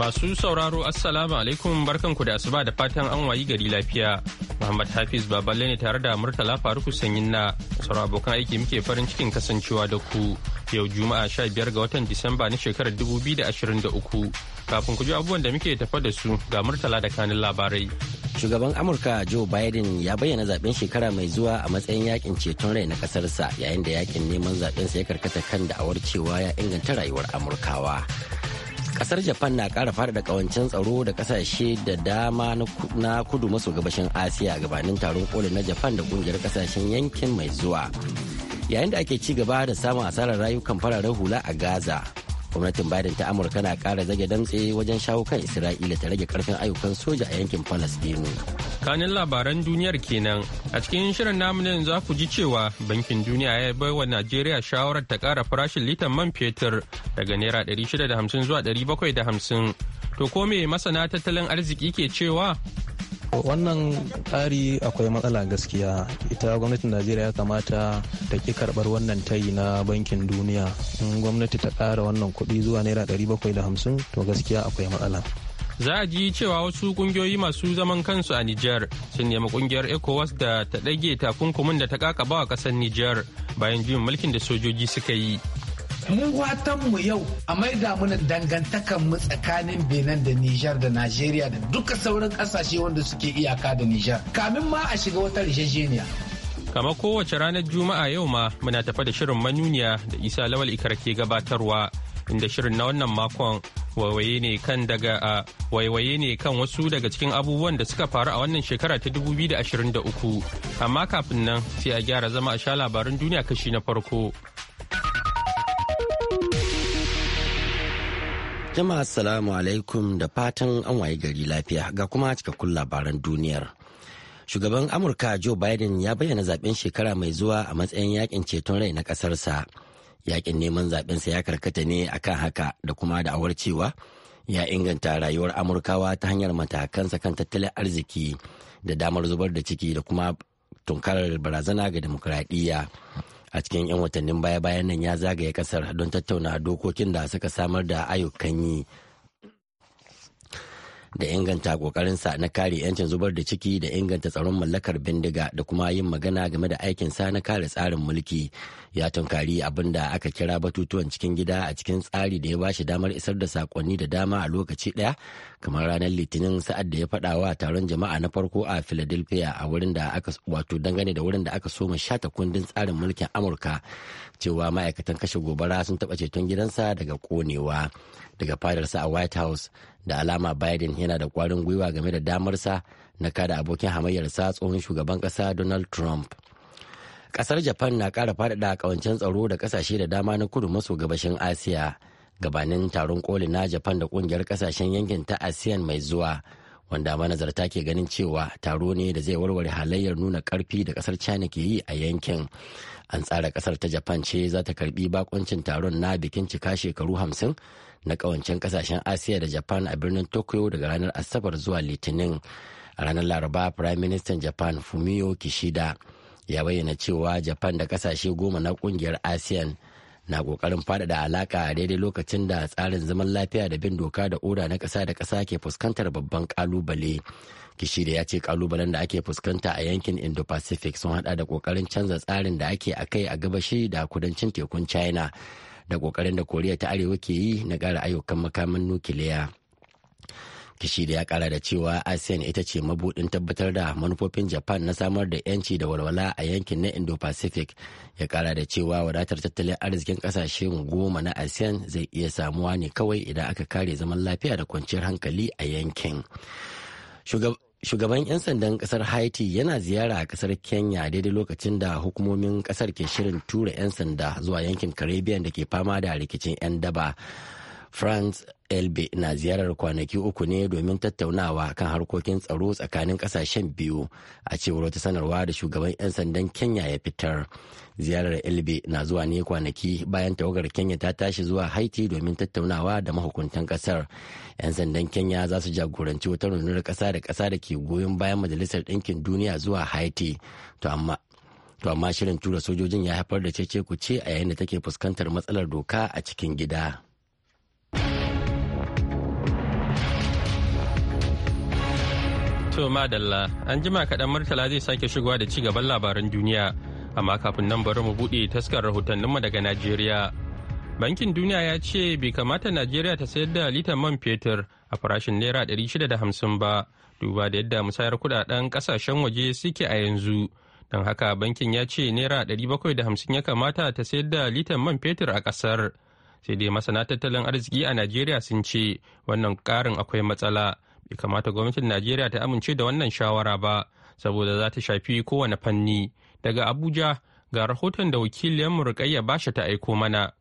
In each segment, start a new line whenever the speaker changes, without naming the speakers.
Masu sauraro Assalamu alaikum barkanku da asuba da fatan an wayi gari lafiya. Muhammad Hafiz Baballe ne tare da Murtala Faruku Sanyin na sauran abokan aiki muke farin cikin kasancewa da ku yau Juma'a 15 ga watan Disamba na shekarar 2023. Kafin ku ji abubuwan da muke tafa da su ga Murtala da kanin labarai.
Shugaban Amurka Joe Biden ya bayyana zaben shekara mai zuwa a matsayin yakin ceton rai na kasarsa yayin da yakin neman zaben sa ya karkata kan da'awar cewa ya inganta rayuwar Amurkawa. kasar japan na kara da kawancen tsaro da kasashe da dama na kudu maso gabashin asiya gabanin taron koli na japan da kungiyar kasashen yankin mai zuwa yayin da ake ci gaba da samun asarar rayukan fararen hula a gaza gwamnatin biden ta amurka na kara zage damtse wajen shawo kan isra'ila ta rage karfin ayyukan soja a yankin palestinu
kanin labaran duniyar kenan a cikin shirin namu ne za ku ji cewa bankin duniya ya bai wa najeriya shawarar ta kara farashin litan man fetur daga naira 650 zuwa 750 to ko me masana tattalin arziki ke cewa
wannan tsari akwai matsala gaskiya ita gwamnatin najeriya ya kamata ta ki karbar wannan tayi na bankin duniya in gwamnati ta kara wannan kuɗi zuwa naira bakwai da hamsin to gaskiya akwai matsala
za a ji cewa wasu kungiyoyi masu zaman kansu a Nijar sun nemi kungiyar ECOWAS da ta ɗage takunkumin da ta kakaba a ƙasar Nijar bayan juyin mulkin da sojoji suka yi.
mu watan mu yau a maida mana dangantakan mu tsakanin Benin da Nijar da nigeria da duka sauran kasashe wanda suke iyaka da Nijar kamin ma a shiga wata rijejeniya
kama kowace ranar juma'a yau ma muna tafa da shirin manuniya da isa lawal ikar ke gabatarwa inda shirin na wannan makon waiwaye ne kan daga a waiwaye ne kan wasu daga cikin abubuwan da suka faru a wannan shekara ta 2023 amma kafin nan sai a gyara zama a sha labarin duniya kashi na farko
Jama'a assalamu alaikum da fatan an waye gari lafiya ga kuma cikakkun labaran duniyar. Shugaban Amurka Joe Biden ya bayyana zaben shekara mai zuwa a matsayin yakin ceton rai na kasarsa. Yakin neman zabensa ya karkata ne akan haka da kuma da'awar cewa ya inganta rayuwar Amurkawa ta hanyar matakansa kan tattalin arziki da damar zubar da ciki da kuma tunkarar barazana ga dimokuraɗiyya. a cikin 'yan watannin baya-bayan nan ya zagaye kasar don tattauna dokokin da suka samar da ayyukan yi da inganta kokarinsa na kare 'yancin zubar da ciki da inganta tsaron mallakar bindiga da kuma yin magana game da aikinsa na kare tsarin mulki ya tunkari abin da aka kira batutuwan cikin gida a cikin tsari da ya ba shi damar isar da sakonni da dama a lokaci daya kamar ranar litinin sa'ad da ya fada wa taron jama'a na farko a philadelphia a wurin da aka wato dangane da wurin da aka soma shata kundin tsarin mulkin amurka cewa ma'aikatan kashe gobara sun taba ceton gidansa daga konewa daga fadarsa a white house da alama biden yana da kwarin gwiwa game da damarsa na kada abokin hamayyar sa tsohon shugaban kasa donald trump kasar japan na kara faɗaɗa kawancen tsaro da ƙasashe da dama na kudu maso gabashin asiya gabanin taron koli na japan da ƙungiyar ƙasashen yankin ta asiyan mai zuwa wanda manazarta ke ganin cewa taro ne da zai warware halayyar nuna karfi da kasar china ke yi a yankin an tsara kasar ta japan ce za ta karbi bakoncin taron na bikin cika shekaru hamsin na kawancin kasashen asiya da japan a birnin tokyo daga ranar asabar zuwa litinin a ranar laraba prime minister japan fumio kishida ya bayyana cewa japan da kasashe goma na kungiyar asiyan na kokarin faɗaɗa alaƙa a daidai lokacin da tsarin zaman lafiya da bin doka da oda na ƙasa da ƙasa ke fuskantar babban ƙalubale. Kishida ya ce ƙalubalen da ake fuskanta a yankin Indo-Pacific sun haɗa da kokarin canza tsarin da ake a kai a gabashi da kudancin tekun China da kokarin da Koriya ta Arewa ke yi na ƙara ayyukan makamin nukiliya. kishida ya kara da cewa asean ita ce mabudin tabbatar da manufofin japan na samar da yanci da walwala a yankin na indo-pacific ya kara da cewa wadatar tattalin arzikin kasashen goma na asean zai iya samuwa ne kawai idan aka kare zaman lafiya da kwanciyar hankali a yankin shugaban 'yan sandan kasar haiti yana ziyara a kasar kenya daidai lokacin da hukumomin kasar ke shirin tura 'yan sanda zuwa yankin caribbean da ke fama da rikicin 'yan daba france elbe na ziyarar kwanaki uku ne domin tattaunawa kan harkokin tsaro tsakanin kasashen biyu a cewar wata sanarwa da shugaban 'yan sandan kenya ya fitar ziyarar elbe na zuwa ne kwanaki bayan tawagar kenya ta tashi zuwa haiti domin tattaunawa da mahukuntan kasar 'yan sandan kenya za su jagoranci wata rundunar kasa da kasa da ke goyon bayan majalisar ɗinkin duniya zuwa haiti to amma to amma shirin tura sojojin ya haifar da cece ce a yayin da take fuskantar matsalar doka a cikin gida.
To madalla an jima kaɗan Murtala zai sake shigowa da ci gaban labaran duniya amma kafin nan bari mu buɗe taskar rahotanninmu daga Najeriya. Bankin Duniya ya ce bai kamata Najeriya ta sayar da litan man fetur a farashin naira 650 ba duba da yadda musayar kudaden kasashen waje suke a yanzu don haka bankin ya ce naira 750 ya kamata ta sayar da litan man fetur a kasar sai dai masana tattalin arziki a Najeriya sun ce wannan karin akwai matsala. bai kamata gwamnatin najeriya ta amince da wannan shawara ba saboda za ta shafi kowane fanni daga abuja ga rahoton da wakiliyar murƙayya bashi ta aiko mana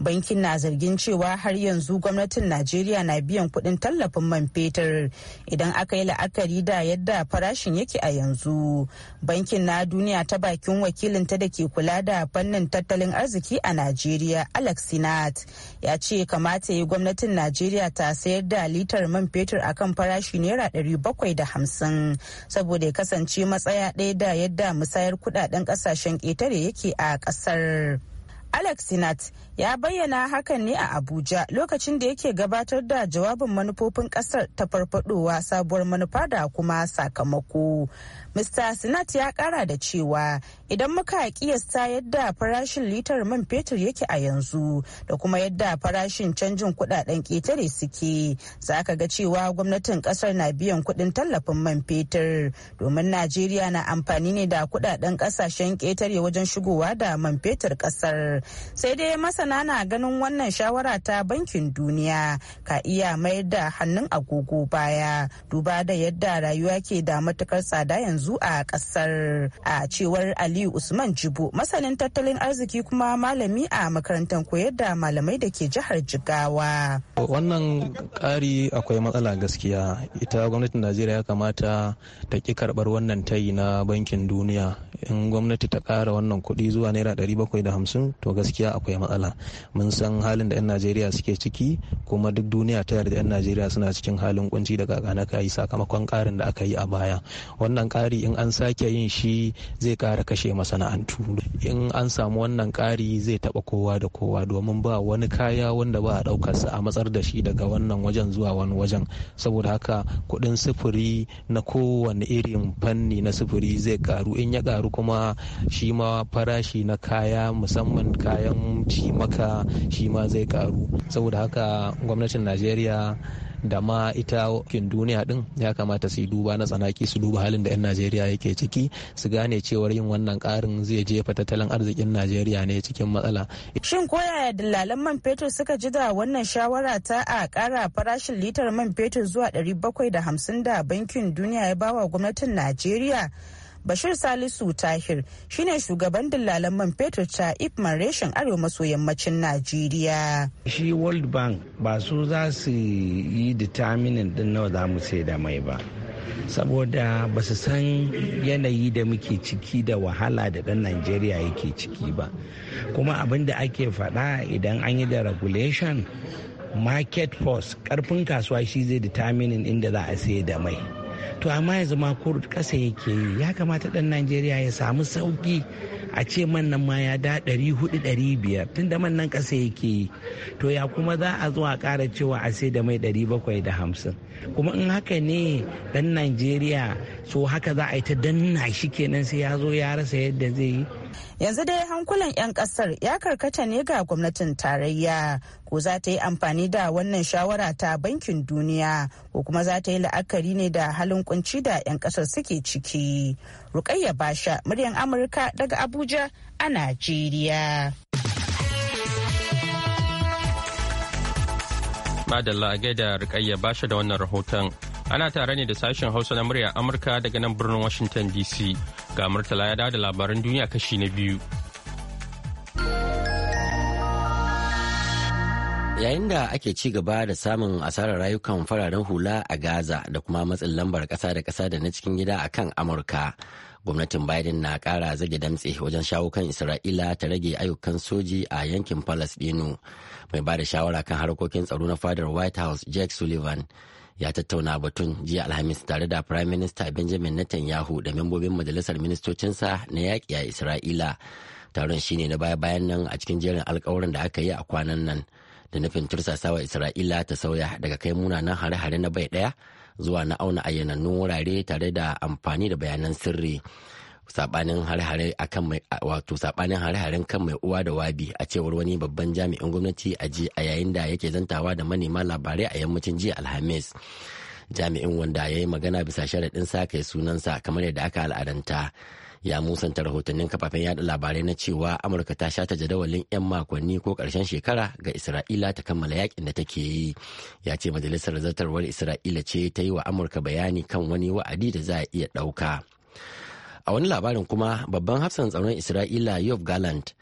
bankin na zargin cewa har yanzu gwamnatin najeriya na biyan kudin tallafin man fetur idan aka yi la'akari da yadda farashin yake a yanzu bankin na duniya ta bakin wakilinta da ke kula da fannin tattalin arziki a najeriya alex sinat ya ce kamata yi gwamnatin najeriya ta sayar da litar man fetur a kan farashi naira bakwai da hamsin saboda ya kasance matsaya ɗaya da yadda musayar kudaden kasashen ƙetare yake a ƙasar alex sinat ya bayyana hakan ne a abuja lokacin da yake gabatar da jawabin manufofin kasar ta farfadowa sabuwar manufa da kuma sakamako mr sinat ya kara da cewa idan muka kiyasta yadda farashin litar man fetur yake a yanzu da kuma yadda farashin canjin kudaden ketare suke za ka ga cewa gwamnatin kasar na biyan kudin tallafin man fetur domin najeriya na amfani ne da kudaden kasashen ketare wajen shigowa da man fetur kasar sai dai masa masana na ganin wannan shawara ta bankin duniya ka iya mayar da hannun agogo baya duba da yadda rayuwa ke da matukar tsada yanzu a kasar a cewar aliyu usman jibo masanin tattalin arziki kuma malami a makarantar koyar da malamai da ke jihar jigawa
wannan kari akwai matsala gaskiya ita gwamnatin najeriya ya kamata ta ki karbar wannan tayi na bankin duniya in gwamnati ta ƙara wannan kuɗi zuwa naira 750 to gaskiya akwai matsala mun san halin da 'yan najeriya suke ciki kuma duk duniya ta yarda 'yan najeriya suna cikin halin kunci da kakana ka yi sakamakon karin da aka yi a baya wannan kari in an sake yin shi zai kara kashe masana'antu in an samu wannan kari zai taba kowa da kowa domin ba wani kaya wanda ba a sa a matsar da shi daga wannan wajen zuwa wani wajen saboda haka kuɗin sufuri na kowane irin fanni na sufuri zai karu in ya karu kuma shi ma farashi na kaya musamman kayan cima maka shi ma zai karu saboda haka gwamnatin najeriya da ma ita kin duniya din ya kamata su yi duba na tsanaki su duba halin da 'yan najeriya yake ciki su gane cewar yin wannan karin zai jefa tattalin arzikin najeriya ne cikin matsala
shin koyaya dillalan man fetur suka ji da wannan shawara ta a kara farashin litar man fetur zuwa 750 da bankin duniya ya bawa gwamnatin najeriya Bashir Salisu Tahir shine shugaban dillalan man fetur ta Ipman reshen Arewa maso yammacin Najeriya.
Shi World Bank ba su za su yi determining din nawa za mu sai da mai ba. saboda ba su san yanayi da muke ciki da wahala da dan najeriya yake ciki ba kuma abin da ake faɗa idan an yi da regulation market force karfin kasuwa shi zai determining inda za a sayar da mai to amma yanzu ma ƙasa kasa yake yi ya kamata dan najeriya ya samu sauki a ce man nan ma ya da 400-500 tunda man nan kasa yake yi to ya kuma za a zo a kara cewa a sai da mai 750 kuma in haka ne dan najeriya so haka za a yi ta danna shi kenan sai ya zo ya rasa yadda zai yi yanzu
dai hankulan 'yan kasar ya karkata ne ga gwamnatin tarayya ko za ta yi amfani da wannan shawara ta bankin duniya ko kuma za ta yi la'akari ne da halin kunci da 'yan kasar suke ciki rukayya basha muryan amurka daga abuja a najeriya
madalla a gaida rikayya basha da wannan rahoton Ana tare ne da sashen Hausa na murya Amurka daga nan birnin Washington DC. Ga Murtala ya da labaran duniya kashi na biyu.
Yayin da ake ci gaba da samun asarar rayukan fararen hula a Gaza da kuma matsin lambar ƙasa da ƙasa da na cikin gida a kan Amurka. Gwamnatin Biden na kara zage damtse wajen shawo kan Isra'ila ta rage ayyukan soji a yankin Falasɗinu. Mai ba da shawara kan harkokin tsaro na fadar White House Jake Sullivan ya tattauna batun jiya alhamis tare da prime minister benjamin netanyahu da membobin majalisar ministocinsa na yaƙi a isra'ila taron shine na baya bayan nan a cikin jerin alkawarin da aka yi a kwanan nan da nufin tursasawa isra'ila ta sauya daga kai munanan hare-hare na bai daya zuwa na auna ayyanannun wurare tare da amfani da bayanan sirri sabanin hare-hare akan mai wato sabanin hare-haren kan mai uwa da wabi a cewar wani babban jami'in gwamnati a ji a yayin da yake zantawa da manema labarai a yammacin jiya alhamis jami'in wanda ya yi magana bisa sharaɗin sa kai sunansa kamar yadda aka al'adanta ya musanta rahotannin kafafen yada labarai na cewa amurka ta shata jadawalin 'yan makonni ko karshen shekara ga isra'ila ta kammala yakin da take yi ya ce majalisar zartarwar isra'ila ce ta yi wa amurka bayani kan wani wa'adi da za a iya ɗauka a wani labarin kuma babban hafsan tsaron isra'ila yov gallant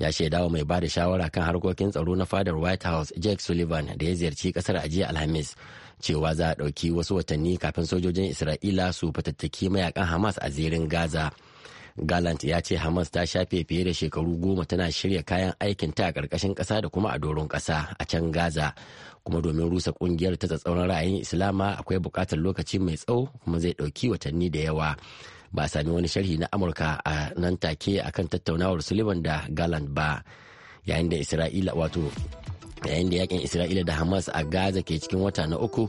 ya shaidawa mai ba da shawara kan harkokin tsaro na fadar white house jake sullivan da ya ziyarci kasar a jiya alhamis cewa za a ɗauki wasu watanni kafin sojojin isra'ila su fatattaki mayakan hamas a zirin gaza gallant ya ce hamas ta shafe fiye da shekaru goma tana shirya kayan aikin ta a ƙarƙashin ƙasa da kuma a doron ƙasa a can gaza kuma domin rusa ƙungiyar ta tsatsauran ra'ayin islama akwai buƙatar lokaci mai tsawo kuma zai ɗauki watanni da yawa ba a sami wani sharhi na amurka a nan take akan tattaunawar sullivan da galand ba yayin da isra'ila wato yayin da yakin isra'ila da hamas a gaza ke cikin wata na uku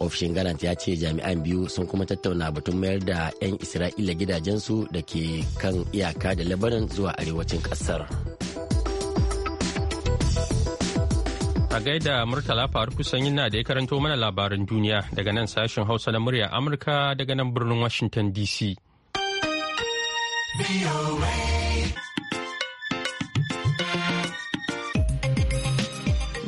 ofishin galant ya ce jami'an biyu sun kuma tattauna batun mayar da 'yan isra'ila gidajensu da ke kan iyaka da lebanon zuwa arewacin kasar
a gaida murtala faru kusan yana da ya karanto mana labaran duniya daga nan sashen hausa na murya amurka daga nan birnin washington dc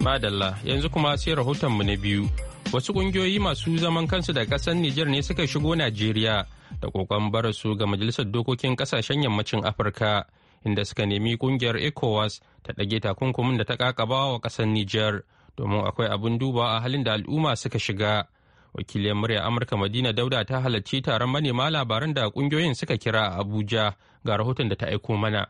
Madalla yanzu kuma sai rahotonmu na biyu. Wasu ƙungiyoyi masu zaman kansu da ƙasar Nijar ne suka shigo Najeriya da ƙoƙon barasu ga Majalisar Dokokin Ƙasashen Yammacin Afirka inda suka nemi ƙungiyar ECOWAS ta ɗage takunkumin da ta ƙaƙaba wa ƙasar Nijar domin akwai abin duba a halin da al'umma suka shiga. wakiliyar murya amurka madina dauda ta halarci taron manema labaran da kungiyoyin suka kira a abuja ga rahoton da ta aiko mana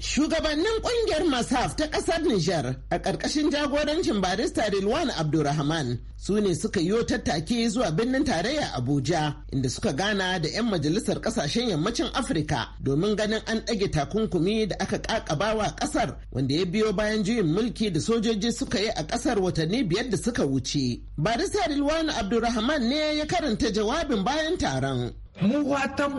Shugabannin kungiyar Masaf ta ƙasar Nijar a ƙarƙashin jagorancin barista Rilwan Abdulrahman su ne suka yi tattaki zuwa birnin tarayya Abuja inda suka gana da 'yan majalisar ƙasashen yammacin Afirka domin ganin an ɗage takunkumi da aka ƙaƙabawa ƙasar wanda ya biyo bayan juyin mulki da sojoji suka yi a ƙasar watanni biyar da suka wuce. Barista Rilwan Abdulrahman ne ya karanta jawabin bayan taron. mu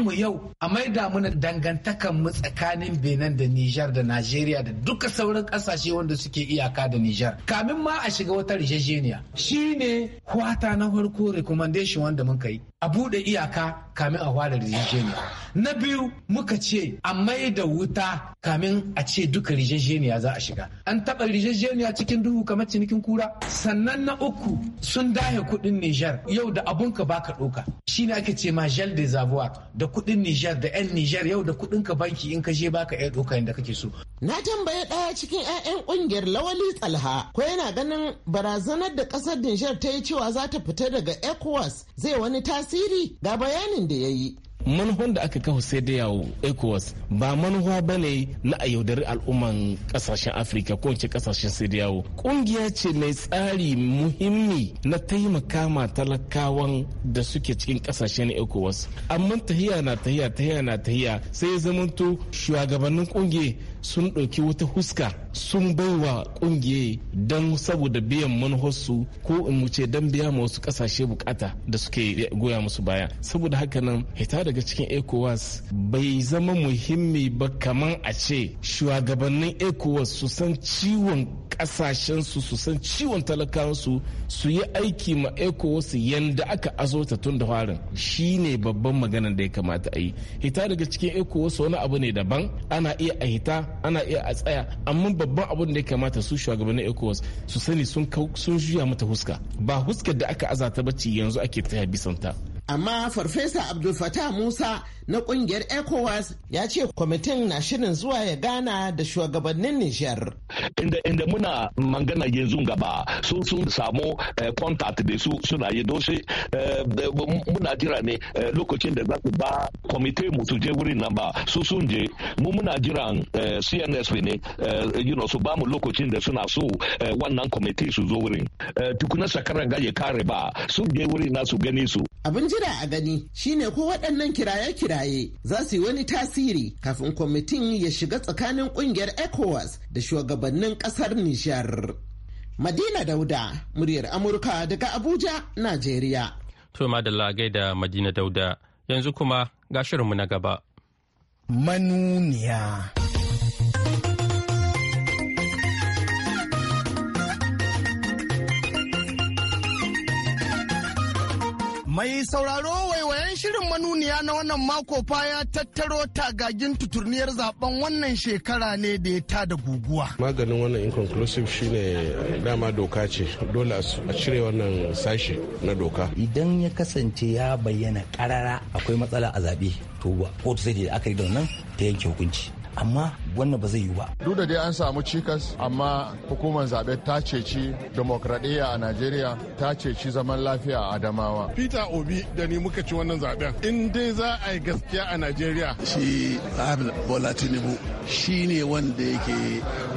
mu yau a maida muna dangantakan mu tsakanin benin da nijar da najeriya da duka sauran
kasashe wanda suke iyaka da nijar kamin ma a shiga wata rijejeniya shine kwata na farko recommendation wanda mun kai a bude iyaka kamin a fara rijejeniya na biyu muka ce a mai da wuta kamin a ce duka rijejeniya za a shiga an taɓa rijejeniya cikin duhu kamar cinikin kura sannan na uku sun dahe kuɗin nijar yau da abunka baka ɗoka shine ake ce ma gel de avoir da kuɗin nijar da yan nijar yau da kuɗin ka banki in ka je baka iya ɗoka inda kake so na tambaye ɗaya cikin
'ya'yan ƙungiyar lawali tsalha ko yana ganin barazanar da ƙasar nijar ta yi cewa za ta fita daga ecowas zai wani tasiri ga bayanin da ya yi manufan da aka
kawo sai da yawo ecowas ba manufa ba ne na a yaudari al'umman kasashen afirka ko ce kasashen sai da yawo kungiya ce mai tsari muhimmi na taimaka ma talakawan da suke cikin kasashen ecowas amma tahiya na tahiya tahiya na tahiya sai ya zamanto shugabannin kungiyar sun ɗauki wata huska sun baiwa kungiye don saboda biyan manuharsu ko in wuce don biya ma wasu ƙasashe bukata da suke goya musu baya saboda haka nan hita daga cikin ecowas bai zama muhimmi ba kamar a ce shugabannin ecowas su san ciwon ƙasashensu su san ciwon talakawansu su yi aiki ma ecowas yanda aka azota tun da farin shine babban maganar da ya kamata a yi hita daga cikin ecowas wani abu ne daban ana iya a hita ana iya a tsaya amma babban abun da ya kamata su shugabannin ecowas su sani sun sun juya mata huska ba huskar da aka
azata bacci yanzu ake ta bisanta amma farfesa abdul fatah musa na kungiyar ECOWAS ya ce kwamitin na shirin zuwa ya gana da shugabannin Nijar.
Inda inda muna magana yanzu gaba sun sun samu eh, contact da su suna yi don eh, muna jira ne eh, lokacin da za su ba kwamitin mutu je wurin nan ba su sun je mu muna jiran CNS ne su ba mu lokacin da suna so wannan kwamitin su zo wurin tukuna shakarar ga ya kare ba sun je wurin na su gani su.
Abin jira a gani shine ko waɗannan kiraye-kiraye kudade za su yi wani tasiri kafin kwamitin ya shiga tsakanin ƙungiyar ecowas da shugabannin ƙasar nijar madina dauda muryar amurka daga abuja najeriya
to madalla gaida madina dauda yanzu kuma ga shirinmu na gaba
manuniya
Mai sauraro waiwaye shirin manuniya na wannan mako fa ya tattaro tagagin tuturniyar zaben wannan shekara ne da ya ta da guguwa.
Maganin wannan inconclusive shine eh, dama doka ce dole a cire wannan sashe
na doka. Idan ya kasance ya bayyana karara akwai matsala a zaɓe to kotu sai da aka yi da nan ta yanke hukunci. amma wannan ba zai yi ba duk da dai an samu cikas amma hukumar zaɓe ta ceci demokradiyya a najeriya ta ceci zaman lafiya a adamawa peter obi da ni muka ci wannan zaɓen in dai za a yi gaskiya a
najeriya shi bola tinubu shi ne wanda yake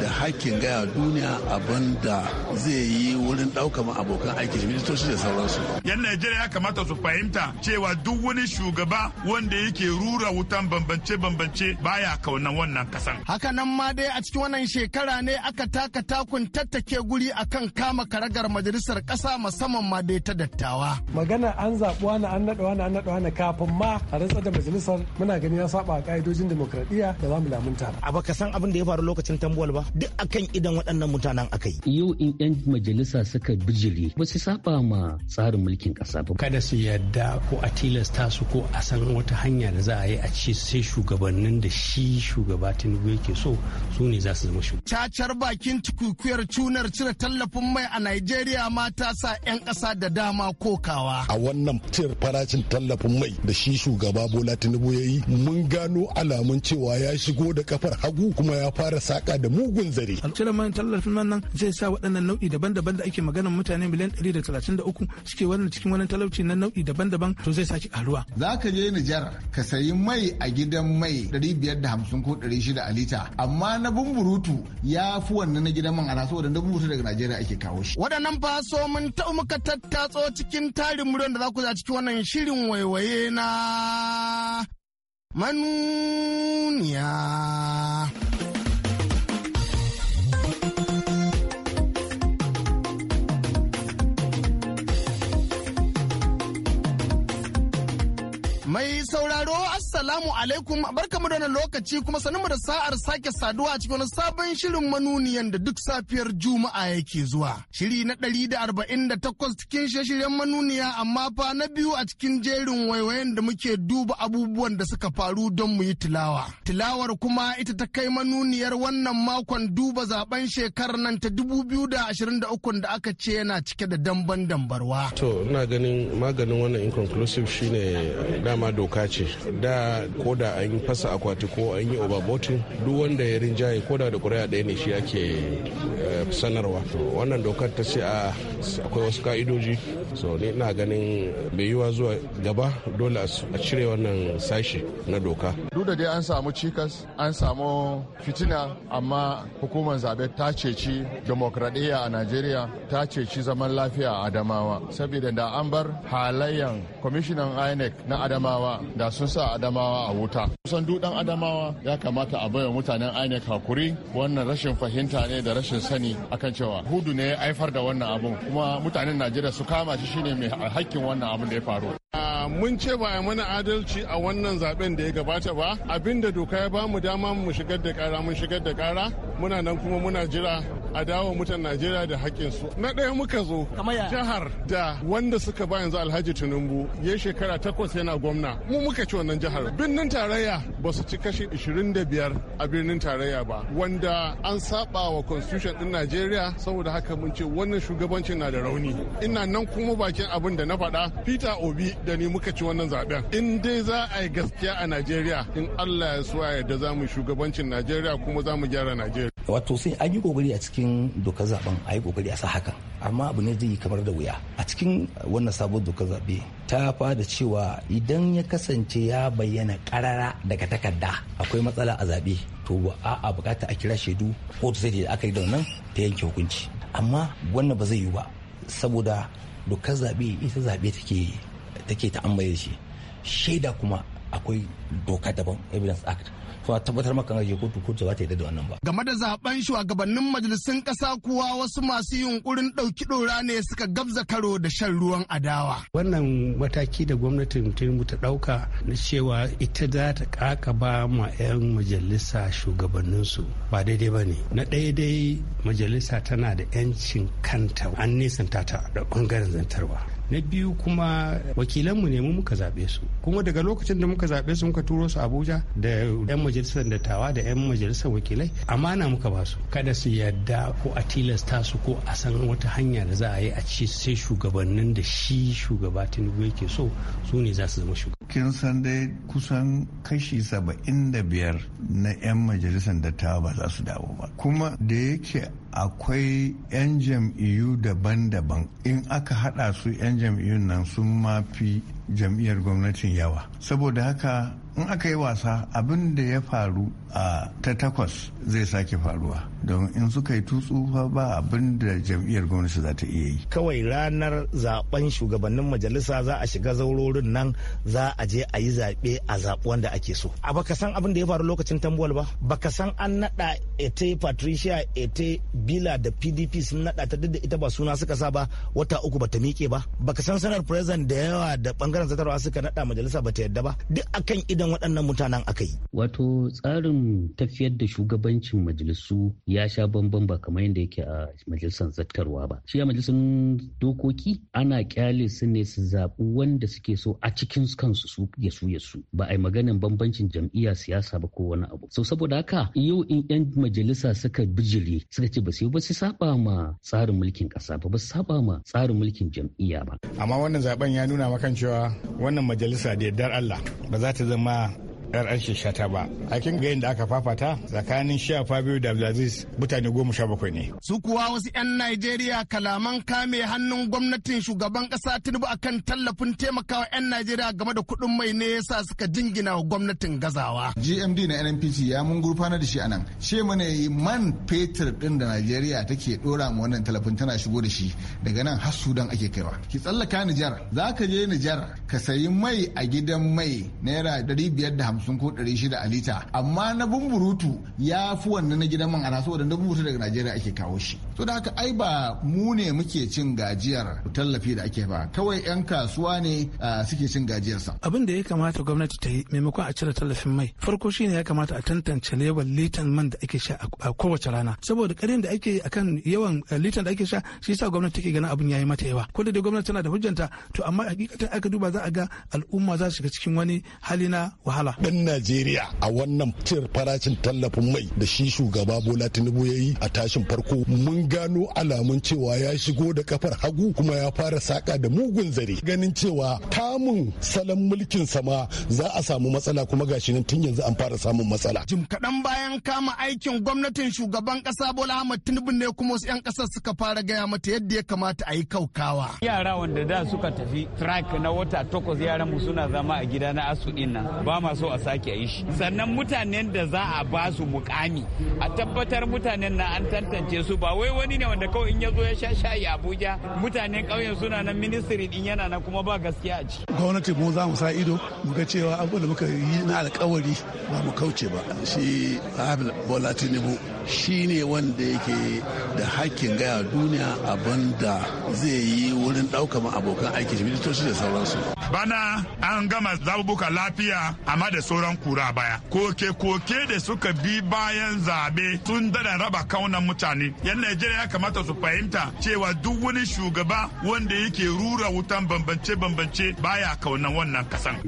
da hakkin gaya duniya abin da zai yi wurin ɗaukar abokan aiki ministoci da sauransu yan najeriya ya kamata su fahimta cewa duk wani shugaba wanda yake rura wutan bambance-bambance baya kaunan wani wannan kasan.
Haka nan ma dai a cikin wannan shekara ne aka taka takun tattake guri akan kama karagar majalisar kasa musamman ma dai ta
dattawa. Magana an zaɓuwa na an naɗawa na an naɗawa na kafin ma a rantsar da majalisar muna gani ya saba a ƙa'idojin demokradiyya da za mu lamunta A baka san abin da ya faru lokacin tambuwal ba duk akan idan waɗannan mutanen aka yi.
Yau in 'yan majalisa suka bijiri ba su saba ma
tsarin mulkin ƙasa ba. Kada su yadda ko a tilasta su ko a san wata hanya da za a yi a ci sai shugabannin da shi shugaban shugaba tinubu yake so su ne za su zama shugaba. cacar
bakin tukukuyar cunar cire tallafin mai a nigeria ma ta sa 'yan ƙasa da dama
kokawa a wannan cire farashin tallafin mai da shi shugaba bola tinubu ya yi mun gano alamun cewa ya shigo da kafar hagu kuma ya fara saka da mugun zare cire man tallafin man nan zai sa waɗannan nau'i daban-daban da ake maganar mutane miliyan 133 suke wannan cikin wani talauci na nau'i daban-daban to zai sake karuwa za ka je nijar ka sayi mai
a gidan mai 550 ko shi da Alita amma na bumburutu ya fi wannan na gidan man ana saboda na bumburutu daga Najeriya ake kawo shi waɗannan fa so mun taɓa muka tattatso cikin tarin muryar da za ku za cikin wannan shirin waiwaye na manuniya Mai sauraro Assalamu alaikum barkamu da wannan lokaci kuma sanin da sa'ar sake saduwa a cikin sabon shirin manuniyan da duk safiyar Juma'a yake zuwa. Shiri na ɗari da arba'in da takwas cikin shirin manuniya amma fa na biyu a cikin jerin waiwayen da muke duba abubuwan da suka faru don mu yi tilawa. Tilawar kuma ita ta kai manuniyar wannan makon duba zaben shekarar nan ta dubu biyu da ashirin da ukun da aka ce yana cike da damban dambarwa.
To ina ganin maganin wannan inconclusive shine dama doka ce. Da ko da an fasa akwati ko an yi obabotin duk wanda ya rinjaye ko da da kuri'a ɗaya ne shi ake eh, sanarwa wannan dokar ta ce akwai wasu ka'idoji so ni ina ganin mai yiwa zuwa gaba dole a cire wannan sashi na doka
duk da dai an samu cikas an samu fitina amma hukumar zabe ta ceci demokradiyya a najeriya ta ceci zaman lafiya a adamawa saboda da an bar halayyan kwamishinan inec na adamawa da sun sa adamawa adamawa a wuta kusan duk dan adamawa ya kamata a baiwa mutanen ainek hakuri wannan rashin fahimta ne da rashin sani akan cewa hudu ne ya haifar da wannan abun kuma mutanen najeriya su kama shi shine mai hakkin wannan abun da ya faru
mun ce ba a mana adalci a wannan zaben da ya gabata ba abinda doka ya bamu dama mu shigar da kara mun shigar da kara muna nan kuma muna jira a dawo mutan najeriya da su na ɗaya muka zo jihar da wanda suka ba yanzu alhaji tinubu ya shekara takwas yana gwamna mu muka ci wannan jihar birnin tarayya ba su ci kashi biyar a birnin tarayya ba wanda an saba wa constitution din najeriya saboda haka mun ce wannan shugabancin na da rauni ina nan kuma bakin abin da na faɗa peter obi da ni muka ci wannan zaɓen in dai za a yi gaskiya a najeriya in allah ya so ya yarda za mu shugabancin najeriya kuma za mu gyara najeriya
wato sai an yi kokari a cikin dokar zaben a yi kokari a sa hakan amma abu ne zai yi kamar da wuya a cikin wannan sabon dokar zabe ta fada cewa idan ya kasance ya bayyana karara daga takarda akwai matsala a zaɓe to ba a bukata a kira shaidu ko zai da aka yi da nan ta yanke hukunci amma wannan ba zai yi ba saboda dokar zabe ita zaɓe take take ta'ambaye shi shaida kuma akwai doka daban evidence act kuma tabbatar maka ga kotu kotu ba ta yi da wannan ba game da zaben shugabannin
majalisun kasa kuwa wasu masu yunkurin ɗauki dora ne suka gabza karo da shan ruwan
adawa wannan mataki da gwamnatin tinubu ta ɗauka na cewa ita za ta kaka ba ma 'yan majalisa shugabanninsu ba daidai ba ne na ɗaya dai majalisa tana da 'yancin kanta an nisanta ta da bangaren zantarwa na biyu kuma wakilanmu ne mu muka zaɓe su kuma daga lokacin da muka zaɓe su muka turo su abuja da 'yan majalisar dattawa da 'yan majalisar wakilai amana muka ba su kada su yadda ko a tilasta su ko a san wata hanya da za a yi a ci sai shugabannin da shi shugaba tinubu yake so su ne za su zama shugaba kin san dai kusan kashi saba'in da biyar na 'yan majalisar dattawa ba za su dawo ba kuma da yake
akwai 'yan jam'iyyu daban-daban in aka hada su 'yan jam'iyyun nan sun mafi jam'iyyar gwamnatin yawa saboda haka in aka yi wasa abin da ya faru a ta takwas zai sake faruwa don in suka yi tutsu ba abin da jam'iyyar gwamnati za ta iya yi
kawai ranar zaben shugabannin majalisa za a shiga zaurorin nan za a je a yi zaɓe a zaɓi wanda ake so a baka san abin da ya faru lokacin tambuwal ba baka san an naɗa ete patricia ete bila da pdp sun naɗa ta duk da ita ba suna suka sa ba wata uku bata miƙe ba baka san sanar president da yawa da bangaren zatarwa suka naɗa majalisa bata yadda ba duk akan idan biyan waɗannan mutanen
aka yi. Wato tsarin tafiyar da shugabancin majalisu ya sha bamban ba kamar yadda yake a majalisar zattarwa ba. Shi a majalisar dokoki ana kyale su ne su zaɓi wanda suke so a cikin kansu su ya su ya su ba a yi maganin bambancin jam'iyya siyasa ba ko wani abu. So saboda haka yau in 'yan majalisa suka bijire suka ce ba su ba su saba ma tsarin mulkin ƙasa ba ba su saba ma tsarin mulkin jam'iyya ba. Amma
wannan zaben ya nuna makan cewa wannan majalisa da yardar Allah ba za ta zama da yar aisha ta ba a kin ga inda aka fafata tsakanin sha fabio da abdulaziz mutane goma sha bakwai ne
su kuwa wasu yan najeriya kalaman kame hannun gwamnatin shugaban kasa tinubu akan tallafin taimakawa yan najeriya game da kuɗin mai ne yasa suka jingina wa gwamnatin gazawa gmd na nnpc ya mun gurfana da shi anan ce mana man fetur din da najeriya take dora ma wannan tallafin tana shigo da shi daga nan har sudan ake kaiwa ki tsallaka nijar za ka je nijar ka sayi mai a gidan mai naira dari biyar da hamsin ko ɗari shida a lita amma na bumburutu ya fi wannan na gidan man ana saboda na bumburutu daga najeriya ake kawo shi to da haka ai ba mu ne muke cin gajiyar tallafi da ake ba kawai 'yan kasuwa ne suke cin gajiyar sa.
abin da ya kamata gwamnati ta yi maimakon a cire tallafin mai farko shine ya kamata a tantance lebar litan man da ake sha a kowace rana saboda karin da ake akan yawan litan da ake sha shi yasa gwamnati take ganin abin yayi mata yawa ko da dai gwamnati tana da hujjanta to amma hakikatan aka duba za a ga al'umma za su shiga cikin wani hali na wahala dan najeriya a wannan cin farashin tallafin mai da shi shugaba bola tinubu ya yi a tashin farko mun gano alamun cewa ya shigo da kafar hagu kuma ya fara saka da mugun zare ganin cewa kamun salon mulkin sama za a samu matsala kuma gashi nan tun yanzu an fara samun matsala jim
kaɗan bayan kama aikin gwamnatin shugaban ƙasa bola ahmad tinubu ne kuma wasu 'yan ƙasar suka fara gaya mata yadda ya kamata a yi kaukawa
yara wanda da suka tafi track na wata takwas yaran mu suna zama a gida na asu ɗin nan ba ma so a sake yi shi sannan mutanen da za a ba su mukami a tabbatar mutanen na an tantance su ba wai wani ne wanda kawai in ya zo ya sha shayi abuja mutanen kauyen suna nan ministry din yana nan kuma ba gaskiya a ci gwamnati mu za mu sa ido mu ga cewa abubuwan da muka yi na alkawari ba mu kauce ba shi abin bola Shi ne wanda yake da hakkin gaya duniya abin da zai yi wurin ɗaukar abokan aiki shi da sauransu. Bana an gama zabubuka lafiya amma da sauran kura baya. Koke-koke da suka bi bayan zabe sun dada raba kaunan mutane. Yan Najeriya ya kamata su fahimta cewa duk wani shugaba wanda yake rura wutan bambance-bambance baya kaunan wannan kasan.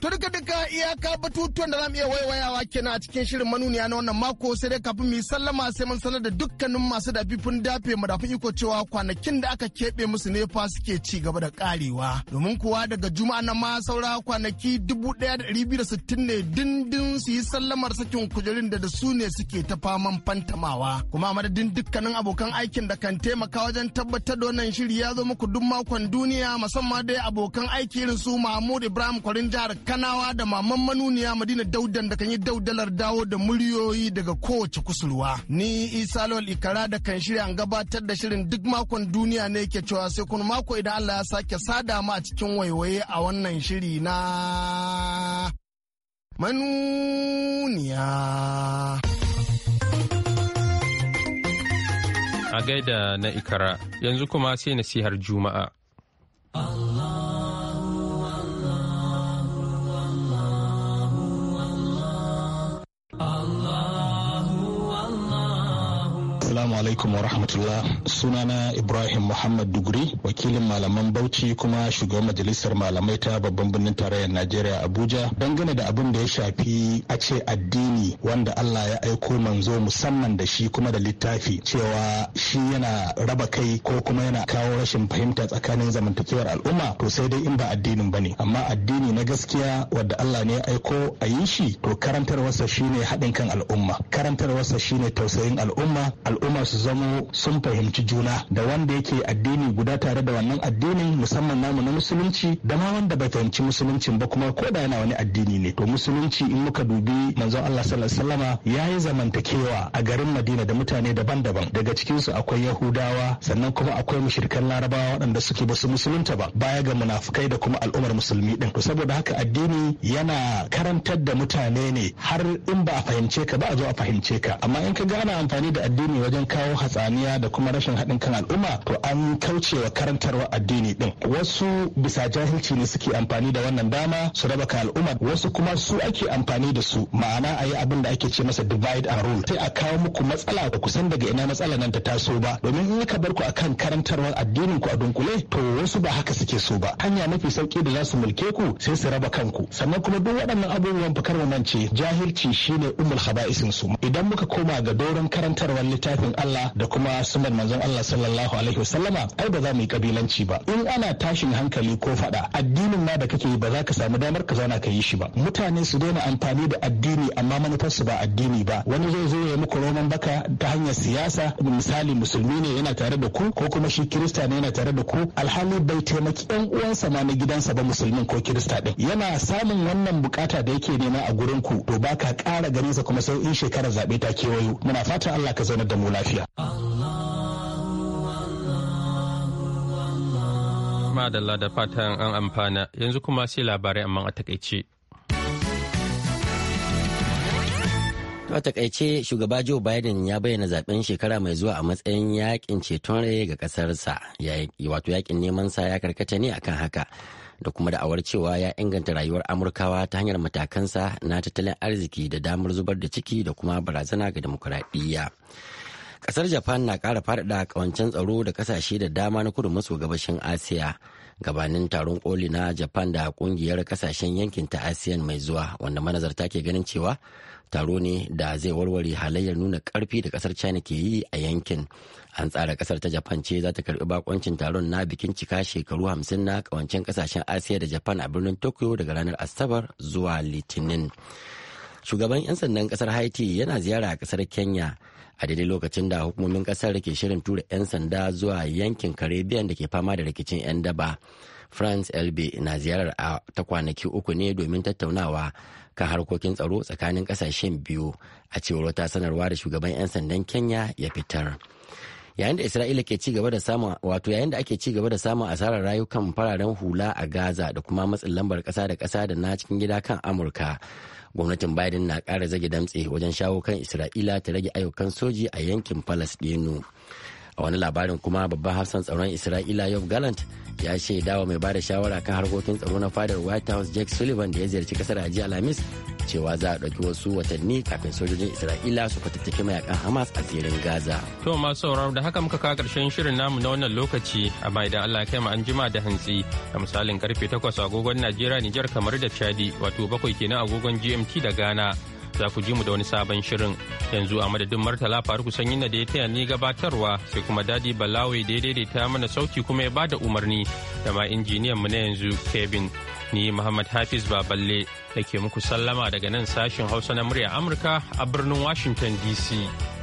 To duka duka iyaka batutuwan da zamu iya waiwayawa kenan a cikin shirin manuniya na wannan mako sai dai kafin mu sallama sai mun sanar da dukkanin masu dafifin dafe madafin iko cewa kwanakin da aka keɓe musu ne fa suke ci gaba da karewa. Domin kuwa daga juma'a na ma saura kwanaki dubu ɗaya da ɗari biyu da sittin ne dindin su yi sallamar sakin kujerun da da su ne suke ta faman fantamawa. Kuma a madadin dukkanin abokan aikin da kan taimaka wajen tabbatar da wannan shiri ya zo muku duk makon duniya musamman dai abokan aiki irin su Mahmud Ibrahim Kwarin jihar kanawa da maman manuniya madina daudan da kan yi daudalar dawo da muryoyi daga kowace kusurwa ni isa lawal ikara da kan shirya an gabatar da shirin duk makon duniya ne ke cewa sai kun mako idan allah ya sake sada mu a cikin waiwaye a wannan shiri na manuniya
a gaida na ikara yanzu kuma sai nasihar juma'a
alaikum wa rahmatullah. Sunana Ibrahim Muhammad Duguri, wakilin malaman Bauchi kuma shugaban majalisar malamai ta babban birnin tarayyar Najeriya Abuja. Dangane da abin da ya shafi a ce addini wanda Allah ya aiko manzo musamman da shi kuma da littafi cewa shi yana raba kai ko kuma yana kawo rashin fahimta tsakanin zamantakewar al'umma to sai dai in ba addinin ba ne. Amma addini na gaskiya wadda Allah ne ya aiko a yi shi to karantarwarsa shine haɗin kan al'umma. Karantarwarsa shine tausayin al'umma. Al'umma su zamo sun fahimci juna da wanda yake addini guda tare da wannan addinin musamman namu na musulunci da ma wanda bai fahimci musuluncin ba kuma ko da yana wani addini ne to musulunci in muka dubi manzon Allah sallallahu alaihi wasallama yayi zamantakewa a garin Madina da mutane daban-daban daga cikin su akwai Yahudawa sannan kuma akwai mushrikan Larabawa waɗanda suke basu musulunta ba baya ga munafukai da kuma al'ummar musulmi din to saboda haka addini yana karantar da mutane ne har in ba a fahimce ka ba a zo a fahimce ka amma in ka gana amfani da addini wajen ka kawo hatsaniya da kuma rashin haɗin kan al'umma to an kaucewa karantarwa addini din wasu bisa jahilci ne suke amfani da wannan dama su raba kan al'umma wasu kuma su ake amfani da su ma'ana a yi abin da ake ce masa divide and rule sai a kawo muku matsala da kusan daga ina matsala nan ta taso ba domin in ka bar ku akan karantarwar addinin ku a dunkule to wasu ba haka suke so ba hanya mafi sauki da za su mulke ku sai su raba kanku sannan kuma duk waɗannan abubuwan fakar mu mance jahilci shine umul haba'isin su idan muka koma ga doron karantarwar littafin Allah Allah da kuma sunan manzon Allah sallallahu alaihi wasallama ai ba za mu yi kabilanci ba in ana tashin hankali ko fada addinin ma da kake yi ba za ka samu damar ka zauna ka yi shi ba mutane su daina amfani da addini amma manufar su ba addini ba wani zai zo ya muku roman baka ta hanyar siyasa misali musulmi ne yana tare da ku ko kuma shi kirista ne yana tare da ku alhali bai taimaki yan uwansa ma na gidansa ba musulmin ko kirista ɗin. yana samun wannan bukata da yake nema a gurin ku to baka ƙara ganinsa kuma sai in shekarar zaɓe ta kewayo muna fatan Allah ka zauna da mu lafiya lafiya.
Madalla da fatan an amfana yanzu kuma sai labarai amma a takaice.
a takaice shugaba joe biden ya bayyana zaben shekara mai zuwa a matsayin yakin ceton rai ga kasarsa wato yakin neman sa ya karkata ne akan haka da kuma da'awar cewa ya inganta rayuwar amurkawa ta hanyar matakansa na tattalin arziki da damar zubar da ciki da kuma barazana ga demokuraɗiyya. Kasar Japan na kara faɗaɗa kawancen tsaro da kasashe da dama na kudu maso gabashin Asiya. Gabanin taron koli na Japan da kungiyar kasashen yankin ta asiyan mai zuwa wanda manazarta ke ganin cewa taro ne da zai warware halayyar nuna karfi da kasar China ke yi a yankin. An tsara kasar ta Japan ce za ta karɓi bakoncin taron na bikin cika shekaru hamsin na kawancen kasashen Asiya da Japan a birnin Tokyo daga ranar Asabar zuwa Litinin. Shugaban 'yan sandan kasar Haiti yana ziyara a kasar Kenya. a daidai lokacin da hukumomin kasar ke shirin tura 'yan sanda zuwa yankin caribbean da ke fama da rikicin 'yan daba france lb na ziyarar a ta kwanaki uku ne domin tattaunawa kan harkokin tsaro tsakanin kasashen biyu a cewar wata sanarwa da shugaban 'yan sandan kenya ya fitar yayin da isra'ila ke ci da samu wato yayin da ake ci gaba da samun asarar rayukan fararen hula a gaza da kuma matsin lambar kasa da kasa da na cikin gida kan amurka gwamnatin biden na ƙara zage damtse wajen shawo kan isra'ila ta rage ayyukan soji a yankin dinu a wani labarin kuma babban hafsan tsaron isra'ila yau gallant ya shaidawa mai bada shawara kan harkokin tsaro na fadar white house jake sullivan da ya ziyarci kasar jiya alhamis cewa za a ɗauki wasu watanni kafin sojojin isra'ila su fatattake mayakan hamas a zirin gaza
to masu sauraro da haka muka kawo karshen shirin namu na wannan lokaci amma idan allah ya kai mu an jima da hantsi a misalin karfe 8 agogon najeriya nijar kamar da chadi wato bakwai kenan agogon gmt da ghana za ku ji mu da wani sabon shirin yanzu a madadin martala faruku sanyin na da ya taya ni gabatarwa sai kuma dadi balawe da ya daidaita mana sauti kuma ya bada umarni da ma injiniyan mu na yanzu kevin ni muhammad hafiz baballe da muku sallama daga nan sashin Hausa na murya Amurka a birnin Washington DC.